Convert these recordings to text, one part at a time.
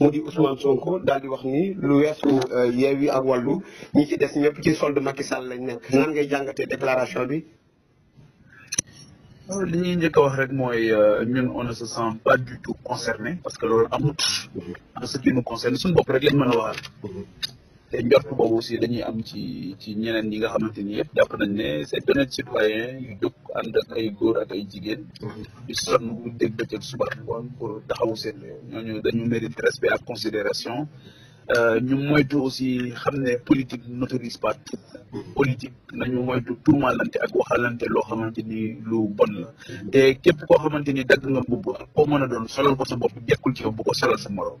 mu di Ousmane Sonko daal di wax ni lu weesu euh, Yewwi ak Wallu ñi ci des ñëpp ci solde Macky lañ ne nan ngay jàngatee déclaration bi. Euh, li ñuy njëkk wax rek mooy euh, ñun on na se sent pas du tout concerné parce que loolu amut mm-hmm. en ce qui nous concerne suñu bopp rek lañ mën a waxal. Mm-hmm. te njort boobu aussi dañuy am ci ci ñeneen ñi nga xamante ni yëpp jàpp nañ ne c'est beneen citoyen yu jóg ànd ak ay góor ak ay jigéen mm-hmm. di sonn bu dégg bëccëg suba ngoon pour taxawu seen réew ñooñu dañu mérite ak considération euh, ñu moytu aussi xam ne politique n'autorise pas mm-hmm. politique nañu moytu tuumaalante ak waxalante loo xamante ni lu bon la mm-hmm. te képp koo xamante ni dagg nga mbubb ak koo mën a doon solo ko sa bopp jekkul ci yow bu ko solal sa morom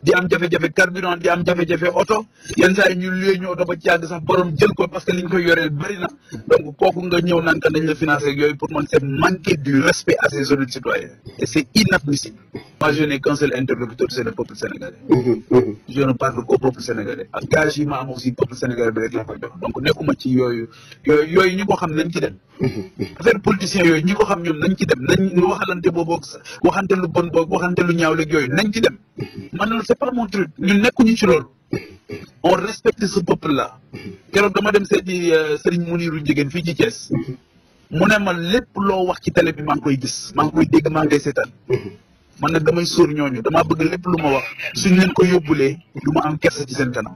di am jafe-jafe carburant di am jafe-jafe oto yenn saa yi ñu luye ñu oto ba ci yàgg sax borom jël ko parce que liñ koy yoreel bëri na donc kooku nga ñëw naan ka dañ la yooyu pour man c'est manquer du respect à se honnêtes citoyens et c'est inadmissible moi je n'ai qu'un seul interlocuteur c'est le peuple sénégalais mm-hmm, mm-hmm. je ne parle qu'au peuple sénégalais ma am aussi peuple sénégalais bi rek la fa jox donc nekkuma ci yooyu yooyu yooyu ko xam nañ ci dem mm-hmm. affaire politicien yooyu ñi ko xam ñoom dem nañ waxalante boobu waxante lu bon boog yooyu nañ ci dem c'est pas mon truc ñun nekkuñu ci loolu on respecte ce peuple là keroog dama dem seeti euh, Serigne Mounirou Ndiéguène fii ci Thiès mu ne ma lépp loo wax ci télé bi maa ngi koy gis maa ngi koy dégg maa ngi koy seetaan man nag damay sóor ñooñu damaa bëgg lépp lu ma wax suñ leen ko yóbbulee du am kersa ci seen kanam.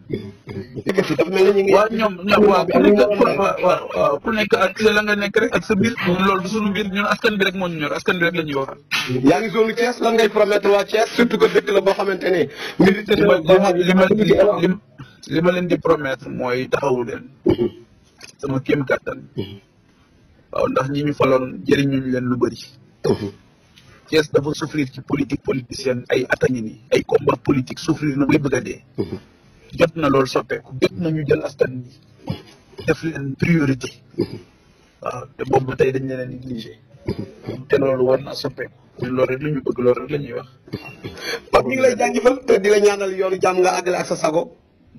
waaw ñoom ñoom waaw ku nekk ku nekk ak la nga nekk rek ak sa biir loolu du suñu biir ñun askan bi rek moo ñor askan bi rek la ñuy waxal. ngi zone Thiès lan ngay promettre waa Thiès surtout que dëkk la boo xamante ne. militaire li ma li ma leen di promettre mooy taxawu leen. sama kéem kattan. Mhm. waaw ndax ñi ñu faloon jëriñuñ leen lu bëri. Mhm. Thiès dafa souffrir ci politique politicienne ay at a ngi nii ay politique souffrir na bay bëgg a mhm. jot na loolu soppeeku jot na ñu jël askan bi def leen priorité. Mhm. waaw te boobu ba tey dañ leen négligé. Mhm. te loolu war naa soppeeku. loolu rek la ñu bëgg loolu rek la ñuy wax. Pape ñu ngi lay jaajëfal te di la ñaanal yoonu jàmm nga àggale ak sa sago.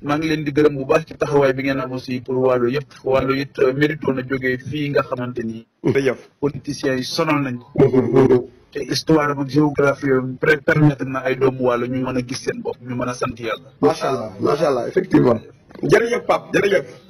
maa ngi leen di gërëm bu baax ci taxawaay bi ngeen am aussi pour wàllu yëpp wàllu it euh, mérito na jógee fii nga xamante ni. politiciens yi sonal nañ ko. te histoire ak géographie yooyu permettre na ay doomu wàllu ñu mën a gis seen bopp ñu mën a sant yàlla. macha allah macha allah effectivement. jërëjëf Pape jërëjëf.